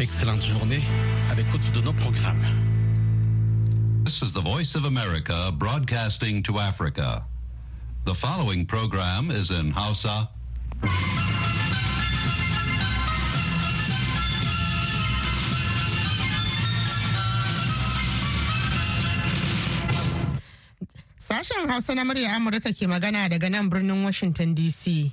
Excellente journée à l'écoute de nos programmes. This is the Voice of America broadcasting to Africa. The following program is in Hausa. Sashen Hausa na murya Amurka ke magana daga nan birnin Washington DC.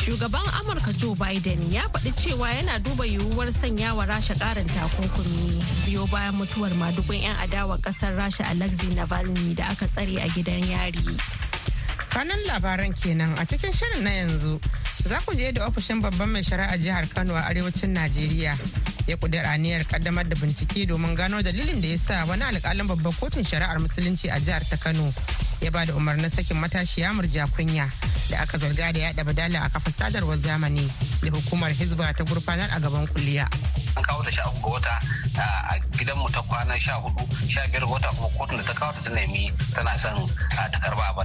Shugaban Amurka Joe Biden ya faɗi cewa yana duba yiwuwar sanya wa Rasha ƙarin takunkumi biyo bayan mutuwar madugun 'yan adawa ƙasar Rasha Alexei Navalny da aka tsare a gidan yari. Kanan labaran kenan a cikin shirin na yanzu. Za ku je da ofishin babban mai shari'a jihar Kano a arewacin Najeriya ya kudura aniyar kaddamar da bincike domin gano dalilin da ya sa wani alƙalin babban kotun shari'ar musulunci a jihar ta Kano ya ba da umarnin sakin matashiya murja kunya da aka zarga da yada badala a kafa sadarwar zamani da hukumar hizba ta gurfanar a gaban kuliya. an kawo ta ga wata a gidanmu ta kwana sha hudu sha biyar wata kuma kotun da ta kawo ta tunani tana son ta karba ba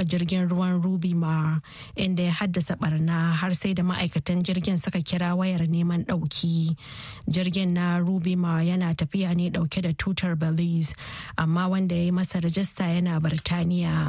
taba jirgin ruwan rubi ma inda ya haddasa barna har sai da ma'aikatan jirgin suka kira wayar neman dauki jirgin na rubi ma yana tafiya ne dauke da tutar belize amma wanda ya yi masa rajista yana birtaniya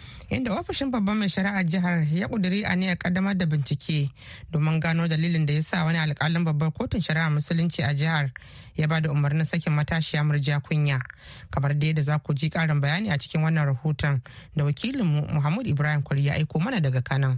inda ofishin babban mai shari'ar jihar ya kuduri aniyar kaddamar da bincike domin gano dalilin da ya sa wani alkalin babbar kotun shari'ar musulunci a jihar ya ba da umarnin sakin matashiya murja kunya kamar da yadda za ku ji karin bayani a cikin wannan rahoton da wakilinmu muhammad ibrahim kwari ya aiko mana daga kanan.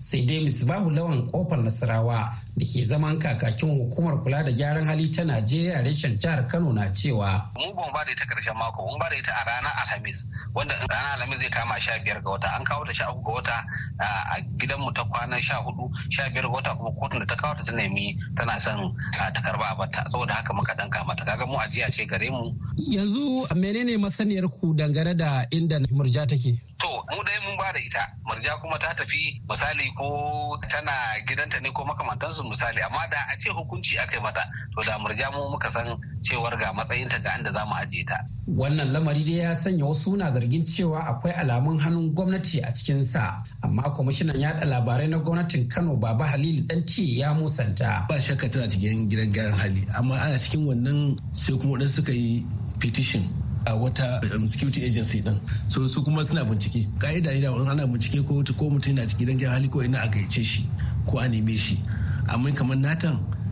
sai dai misbahu lawan kofar nasarawa da ke zaman kakakin hukumar kula da gyaran hali ta najeriya reshen jihar kano na cewa mun ba da ita karshen mako mun ba da ita a ranar alhamis wanda ranar alhamis zai kama sha biyar ga wata an kawo ta sha uku ga wata a gidanmu ta kwana sha hudu sha biyar ga wata kuma kotun da ta kawo ta ta nemi tana son ta karba a bata saboda haka muka danka mata kaga mu ajiya ce gare mu yanzu menene masaniyar ku dangane da inda murja take to mu dai mun ba da ita Marja kuma ta tafi misali ko tana gidanta ne ko makamantansu misali amma da a ce hukunci aka yi mata to da murja mu muka san cewar ga matsayinta ga inda za mu ajiye ta. wannan lamari dai ya sanya wasu na zargin cewa akwai alamun hannun gwamnati a cikinsa amma kwamishinan yaɗa labarai na gwamnatin kano baba halil dan ce ya musanta. ba shakka tana cikin gidan gyaran hali amma ana cikin wannan sai kuma wadanda suka yi petition a wata um, security agency din so su kuma suna bincike ka'ida ida da ana bincike ko mutum yana cikin dangin hali ko ina a gaice shi ko a neme shi amma kamar natan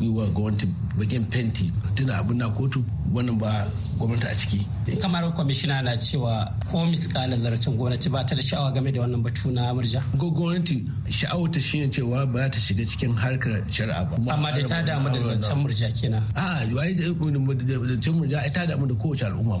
yi wa gwamnati bakin fenti tuna abin na kotu wannan ba gwamnati a ciki. kamar kwamishina na cewa ko miskala zarafin gwamnati ba ta da sha'awa game da wannan batu na murja. ko gwamnati sha'awa ta shine cewa ba ta shiga cikin harkar shari'a ba. amma da ta damu da zancen murja kenan. a zancen murja ta damu da kowace al'umma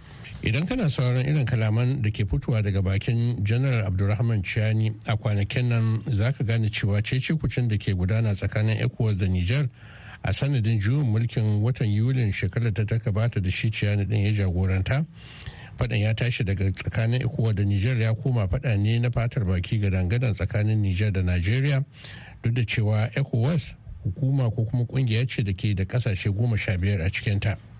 idan kana sauran irin kalaman da ke fitowa daga bakin janar abdulrahman chani a kwanakin nan za ka gane cewa cecekucin da ke gudana tsakanin ecuador da niger a sanadin juyin mulkin watan yulin shekarar ta ta bata da shi ciyani din ya jagoranta fadan ya tashi daga tsakanin ecuador da niger ya koma fada ne na fatar baki ga dangadan tsakanin niger da nigeria duk da cewa ecuador hukuma ko kuma kungiya ce da ke da kasashe goma sha biyar a cikinta. ta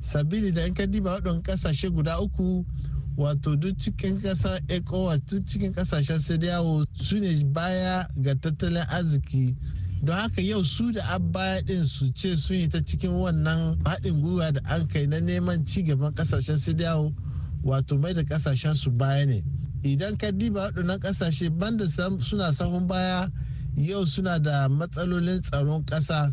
sabili da yan ka diba ƙasashe guda uku wato duk cikin ƙasa ecowas duk cikin ƙasashen sai su ne baya ga tattalin arziki don haka yau su da baya din su ce sun yi ta cikin wannan haɗin gwiwa da an kai na neman ci gaban kasashen sai wato mai da ƙasashen su baya ne idan ka diba waɗannan ƙasashe banda suna sahun baya yau suna da matsalolin tsaron ƙasa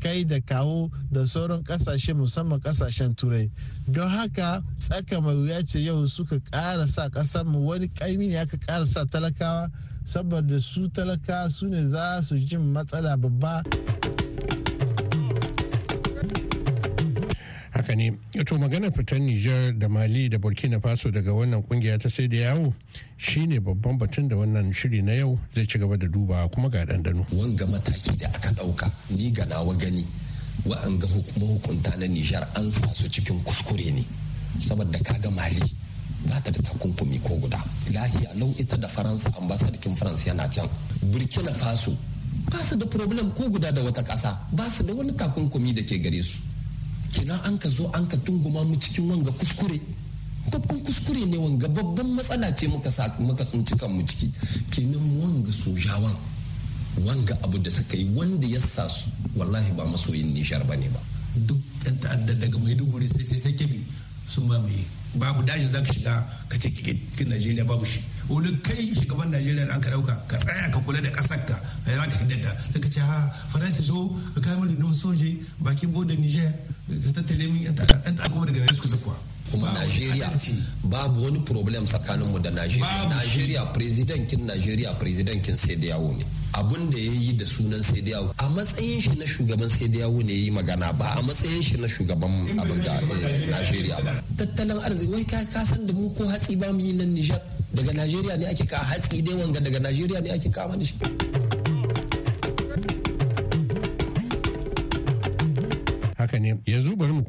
kai da kawo da sauran kasashe musamman kasashen turai don haka tsaka mai wuya ce yau suka ƙara sa ƙasar mu wani ƙaimi ne aka ƙara sa talakawa saboda su talakawa su ne za su jin matsala babba. haka ne to magana fitar nijar da mali da burkina faso daga wannan kungiya ta sai da yawo shine babban batun da wannan shiri na yau zai ci gaba da duba kuma ga dandano wanga mataki da aka dauka ni ga nawa gani wa'anga mahukunta na nijar an sa su cikin kuskure ne saboda kaga mali ba ta da takunkumi ko guda lahiya lau ita da faransa ambasadikin faransa yana can burkina faso ba su da problem ko guda da wata ƙasa ba su da wani takunkumi da ke gare su ina an ka zo an ka tunguma mu cikin wanga kuskure babban kuskure ne wanga babban matsala ce muka sa muka sun cikan mu ciki kenan wanga sojawan wanga abu da suka yi wanda ya sa su wallahi ba masoyin nishar ba ne ba duk ɗan ta'adda daga maiduguri sai sai sai kebbi sun mai babu dashi za shiga ka ce cikin najeriya babu shi wani kai shugaban najeriya da an ka dauka ka tsaya ka kula da kasar ka za ka hiddata sai ka ce ha faransa so ka kai mari soje bakin bodin niger ka tattale min yan takoma daga yanzu kusa kuwa kuma Najeriya babu wani problem tsakaninmu da Najeriya. Najeriya presidentin Najeriya presidentin sai da yawo ne. abun da ya yi da sunan sai da yawo a matsayin shi na shugaban sai da yawo ne ya yi magana ba a matsayin shi na shugaban abin da eh, Najeriya ba. Tattalin arziki wai ka san da mu ko hatsi ba mu yi nan Nijar daga Najeriya ne ake ka hatsi dai wanga daga Najeriya ne ake kama da shi. haka ne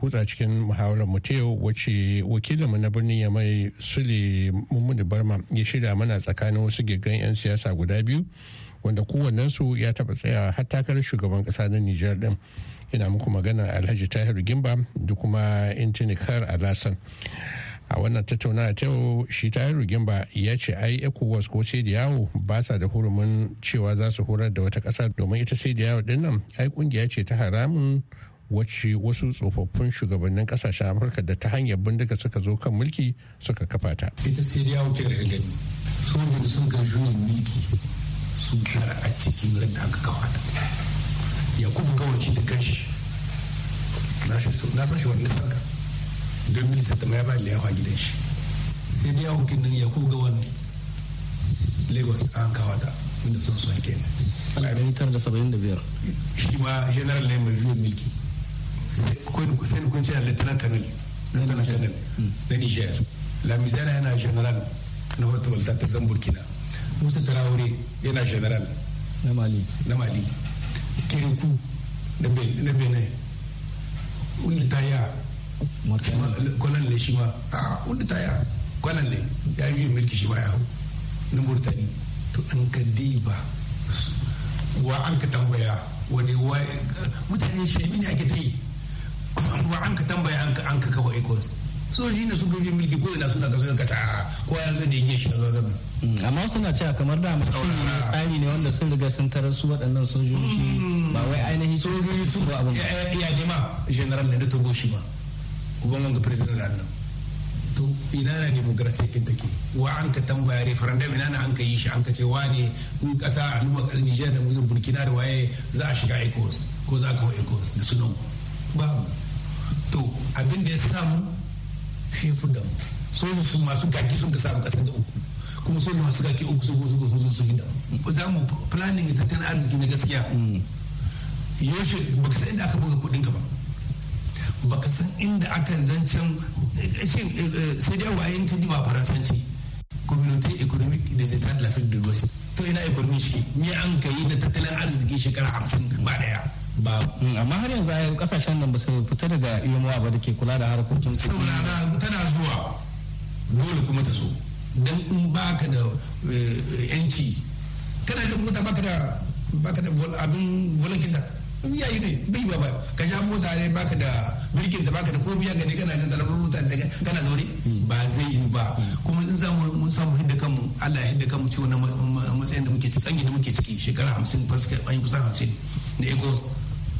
kutsa cikin muhawarar mu ta yau wace wakilinmu na birnin ya mai sule mummuni barma ya shirya mana tsakanin wasu gigan 'yan siyasa guda biyu wanda kowannensu ya taba tsaya har takarar shugaban ƙasa na nijar din ina muku magana alhaji tahiru gimba da kuma intinikar alasan a wannan tattaunawa ta yau shi tahiru gimba ya ce ai ecowas ko sai yawo ba sa da hurumin cewa za su horar da wata kasa domin ita sai yawo din ai kungiya ce ta haramun wacce wasu tsofaffin shugabannin kasashen afirka da ta hanyar bindiga suka zo kan mulki suka kafa ta ita sai da yawo da gani sojin sun ga juyin mulki sun tara a cikin ran da aka kafa ta ya kuma gawarci da kanshi na san shi wanda sanka don sai ta ma ya ba da yawa gidan shi sai da yawo ginin ya kuma ga wani lagos an kawo ta inda sun son kenan. 1975 shi ma general ne mai juyin mulki kun ce lieutenant colonel lieutenant colonel hmm. na niger lamizana yana general na wata walta ta san burkina musa tarawore yana general na mali na mali kiriku na benin wanda ta ya kwanan ne shi ma a ah, wanda ta ya kwanan ne ya yi mulki shi ma ya hau na murtani to an ka diba wa an ka tambaya wani wa mutane shi ne ake ta yi kuma an ka tambaya an ka kawo ecos sojoji ne sun kafi mulki ko ina suna kasar kata ko ya zai da yake shi kasar mm, amma suna cewa kamar da masu tsari ne wanda sun riga sun tarar su waɗannan sojoji mm. ba wai ainihin sojoji su ba abin ya jima general ne na togo shi ba uban wanga president da nan to ina na demokrasiya kin take wa an ka tambaya referendum ina na an ka yi shi an ka ce wane kun kasa al'umma kasar Nijar da mu Burkina da waye za a shiga ECOWAS ko za ka hau ECOWAS da sunan babu to abin da ya samu shi fi damu soja su masu gaki sun ka samu kasa da uku kuma soja masu gaki uku su gosu gosu sun su yi damu za mu planning tattalin arziki na gaskiya yaushe baka san inda aka buga kudin ka ba ka san inda aka zancen eh, shin eh, eh, sai dai wayan ka ji ba faransanci communauté économique des états de l'Afrique de l'Ouest to ina economy shi ne an kai da tattalin arziki shekara 50 ba daya ba mm, amma har yanzu ayyukan kasashen nan ba su fita daga yomowa ba da ke kula da harkokin su saboda tana zuwa dole kuma ta zo dan in baka da eh, yanki kana da mota baka da baka da abin volankin ya yi ne bai ba ka sha mota ne baka da birkin da baka da ko biya gani kana jin talabar mota da kana zaure mm. ba zai yi ba kuma in samu mun samu hidda kanmu Allah ya hidda kanmu na matsayin da muke ciki tsangi da muke ciki shekara 50 fasika an yi kusan 50 na ecos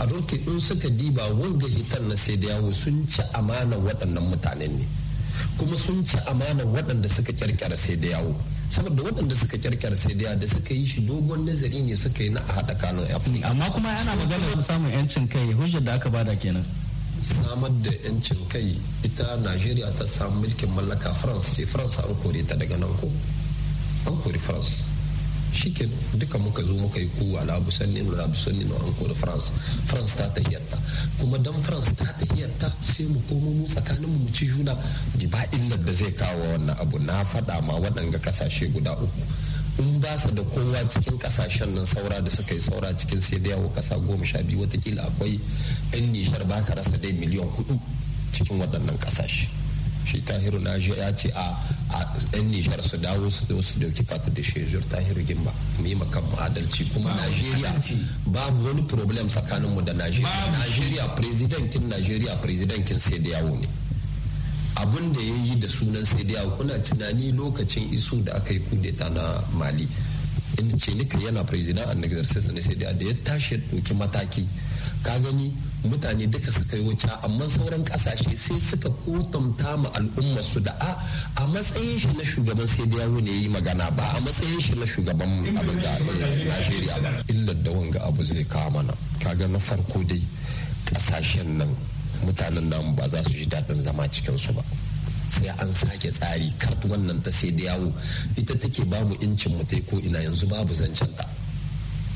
a rurke in suka diba wanga hitar na sai da yawo sun ci amanan waɗannan mutanen ne kuma sun ci amanan waɗanda suka kirkira sai da yawo saboda waɗanda suka kirkira sai da da suka yi shi dogon nazari ne suka yi na a haɗa kanun amma kuma ana maganar samun yancin kai hujjar da aka bada kenan samar da yancin kai ita najeriya ta samu mulkin mallaka france ce france an kore ta daga nan ko an kori france shikin duka muka zo muka yi kowa la na la busannin an ko da france france ta tahiyatta kuma dan france ta tahiyatta sai mu komo mu tsakanin mu ci juna ba inda da zai kawo wannan abu na faɗa ma waɗanga kasashe guda uku in ba su da kowa cikin kasashen nan saura da suka yi saura cikin sai da yawo kasa goma sha biyu watakila akwai yan nishar baka rasa dai miliyan hudu cikin waɗannan kasashe shi tahiru na ya ce a yan Nijar su dawo su zo su dauki kata da shejur tahiru gimba mu yi makan adalci kuma najeriya babu wani problem tsakaninmu da najeriya najeriya presidentin najeriya presidentin sai da yawo ne abun da ya yi da sunan sai da yawo kuna tunani lokacin iso da aka yi kudeta na mali in ce nika yana president an exercise ne sai da ya tashi ya ɗauki mataki ka gani mutane duka suka yi wuta amma sauran kasashe sai suka kotamta ma al'ummar su da a a matsayin shi na shugaban sai da yawo ne yi magana ba a matsayin shi na shugaban abin da Najeriya ba illar da wanga abu zai kawo mana kaga na farko dai kasashen nan mutanen namu ba za su ji daɗin zama cikin su ba sai an sake tsari kartu wannan ta sai da yawo ita take bamu incin mu ko ina yanzu babu zancen ta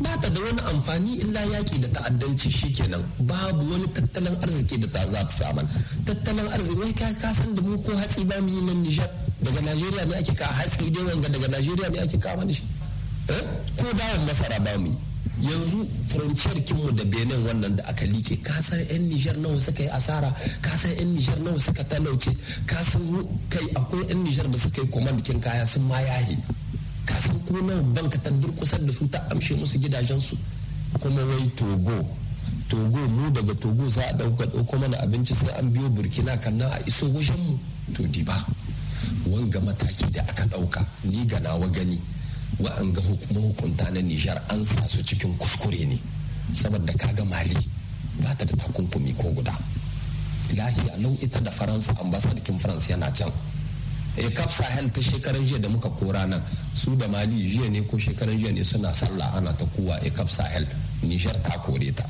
ba ta da wani amfani illa yaƙi da ta'addanci shi kenan babu wani tattalin arziki da ta za ta samu tattalin arziki wai ka san da mu ko hatsi ba mu yi nan Nijar daga Najeriya ne ake ka hatsi dai wanga daga Najeriya ne ake kama da shi eh? ko dawon masara ba mu yanzu furanciyar kinmu da benin wannan da aka like kasar yan nijar nawa suka yi asara kasar yan nijar nawa suka talauke kasar kai akwai yan nijar da suka yi kin kaya sun ma yahi Ko na banka ta durƙusar da su ta amshe musu gidajensu kuma wai togo togo mu daga togo za a dauka dauko mana abinci sai an biyo burkina kan na a iso mu to di ba wanga mataki da aka ɗauka ni ga nawa gani wa an ga hukunta na nijar an sa su cikin kuskure ne saboda kaga mali ba ta da takunkumi ko guda lahiya nau'ita da faransa ambasadakin faransa yana can kafsa eh, hen ta shekaran jiya da muka kora nan su da mali jiya ne ko shekaran jiya ne suna sallah ana ta kowa ya eh, sahel nijar ta kore ta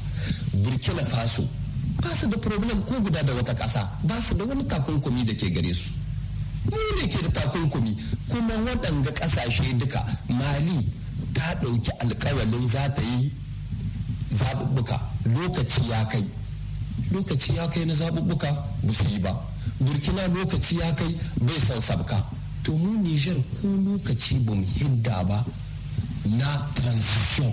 burkina faso ba su da problem ko guda da wata kasa ba su da wani takunkumi da ke gare su mu ne ke da takunkumi kuma waɗanga ƙasashe duka mali ta ɗauki alkawalin za ta yi zaɓuɓɓuka lokaci ya kai lokaci ya kai na zaɓuɓɓuka ba su yi ba burkina lokaci ya kai bai son sabka to mu nijar ko lokaci ba mu hidda ba na transition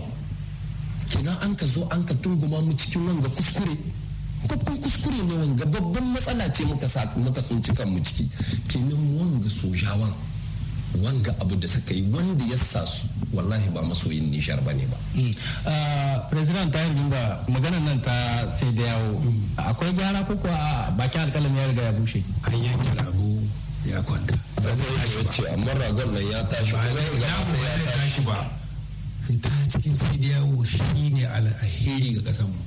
kina an ka zo an ka tunguma mu cikin wanga kuskure babban kuskure ne wanga babban matsala ce muka muka sun cikan mu ciki kenan wanga sojawan wanga abu da suka yi wanda ya sa su wallahi ba masoyin nishar ba ne ba. Mm. Ah, president ta yanzu ba maganar nan ta sai da yawo mm. akwai gyara ko a ah, bakin alkalin ya riga ya bushe. an yanke rago ya kwanta. ba zai yi ba ce amma ragon nan ya tashi ba zai ya tashi ba. fita cikin sai da yawo shi ne alheri ga kasan mu.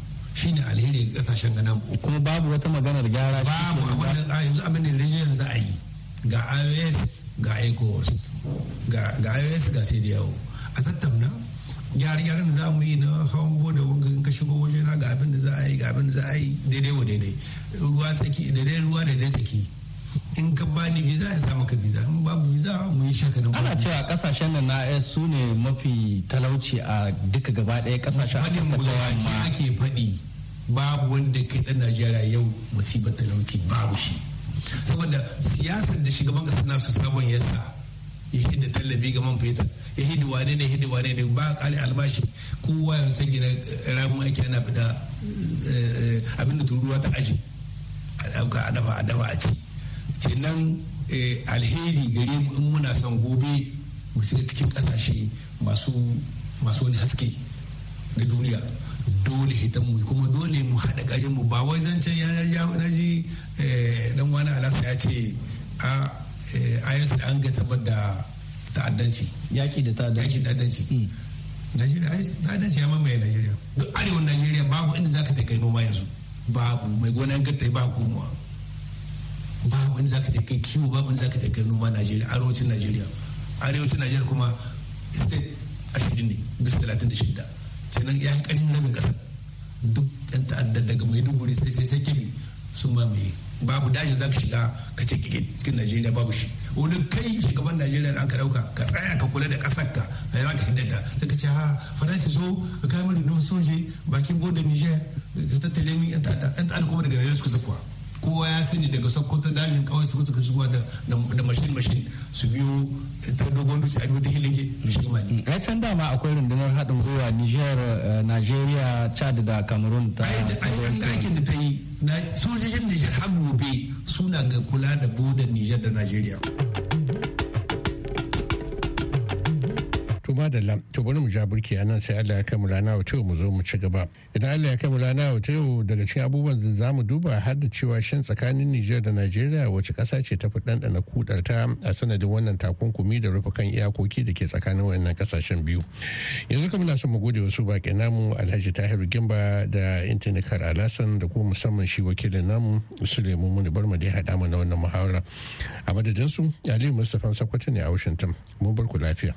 ne alheri ga kasashen gana kuma babu wata maganar gyara babu abin da yanzu abin da yanzu a yi ga ios ga ecowas ga ios ga sai a tattauna gyare-gyaren da za mu yi na hawan boda wanga in ka shigo waje na ga abin da za a yi ga abin da za a yi daidai wa daidai ruwa tsaki daidai ruwa daidai tsaki in ka bani visa ya sa maka visa in babu visa mu yi shaka nan ana cewa kasashen da na es su ne mafi talauci a duka gaba daya kasashen a cikin ake faɗi babu wanda kai dan Najeriya yau musibar talauci babu shi saboda siyasar da shugaban kasar nasu sabon yasa ya hidda tallafi ga man fetur ya hidda wane ne hidda wane ne ba kare albashi kowa ya san gina ramin aiki ana fita eh, abin da turuwa ta aji a dauka a dafa a dafa a ci nan eh, alheri gare mu in muna son gobe mu shiga cikin kasashe masu wani haske na duniya dole hita mu kuma dole mu haɗa ƙarin mu ba wai zancen yanar na ji ɗan eh, wani alasa ya ce a eh, da an ga tabbar da ta'addanci yaki da ta'addanci ta'addanci hmm. Najeriya ta'addanci ya mamaye Najeriya duk arewan Najeriya babu inda zaka ta kai noma yanzu babu mai gonan gatta ba kuma babu inda zaka ta kai kiwo babu inda zaka ta kai noma Najeriya arewacin Najeriya arewacin Najeriya kuma state ashirin ne bis talatin da shidda kenan ya kanin ƙarin ƙasa duk ɗan ta'adda daga mai duguri sai sai sai kemi su ma mai babu dashi za ka shiga ka ce cikin najeriya babu shi wani kai shugaban najeriya da aka dauka ka tsaya ka kula da kasar ka za ka hiddata sai ka ce ha faransa zo ka kai mari don soje bakin bodin niger ka tattale min yan ta'adda yan ta'adda kuma daga najeriya suka zakuwa kowa ya sani daga sokoto dajin kawai su suka shigo da mashin mashin su biyo ta dogon dutse a ta hilage da shiga mali. Mm, can dama akwai rundunar haɗin gwiwa niger eh, nigeria chad da cameroon ta aikin da ta yi sojojin niger har gobe suna ga kula da bodan niger da nigeria. To madalla, to bari mu ja burki nan sai Allah ya mu rana wa mu zo mu ci gaba. Idan Allah ya kai mu rana wa daga cikin abubuwan da za mu duba har da cewa shin tsakanin Nijar da Najeriya wace kasa ce ta fi ɗanɗana kudar ta a sanadin wannan takunkumi da rufe kan iyakoki da ke tsakanin wannan kasashen biyu. Yanzu kuma na son mu gode wasu baƙi namu Alhaji Tahiru Gimba da Intanikar Alasan da kuma musamman shi wakilin namu Suleiman Muni Barma da ya haɗa na wannan muhawara. A su Aliyu Mustafa sakwato ne a Washington. Mun bar ku lafiya.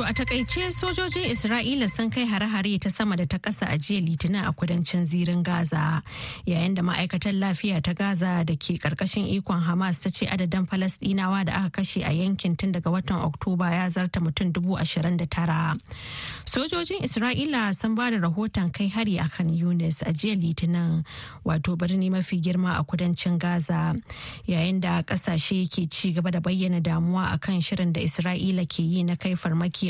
To a takaice sojojin Isra'ila sun kai hare-hare ta sama da ta kasa a jiya litinin a kudancin zirin Gaza yayin da ma'aikatar lafiya ta Gaza da ke karkashin ikon Hamas ta ce adadin Falasɗinawa da aka kashe a yankin tun daga watan Oktoba ya zarta mutum dubu ashirin da tara. Sojojin Isra'ila sun ba da rahoton kai hari a kan Yunis a jiya litinin wato birni mafi girma a kudancin Gaza yayin da ƙasashe ke ci gaba da bayyana damuwa akan shirin da Isra'ila ke yi na kai farmaki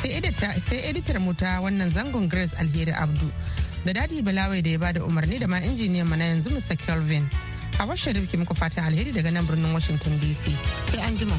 sai editar mu ta wannan zangon grace alheri abdu da dadi balawai da ya bada umarni da ma injiniyan mana yanzu mr kelvin a washe muku fatan alheri daga nan birnin washington dc sai an jima.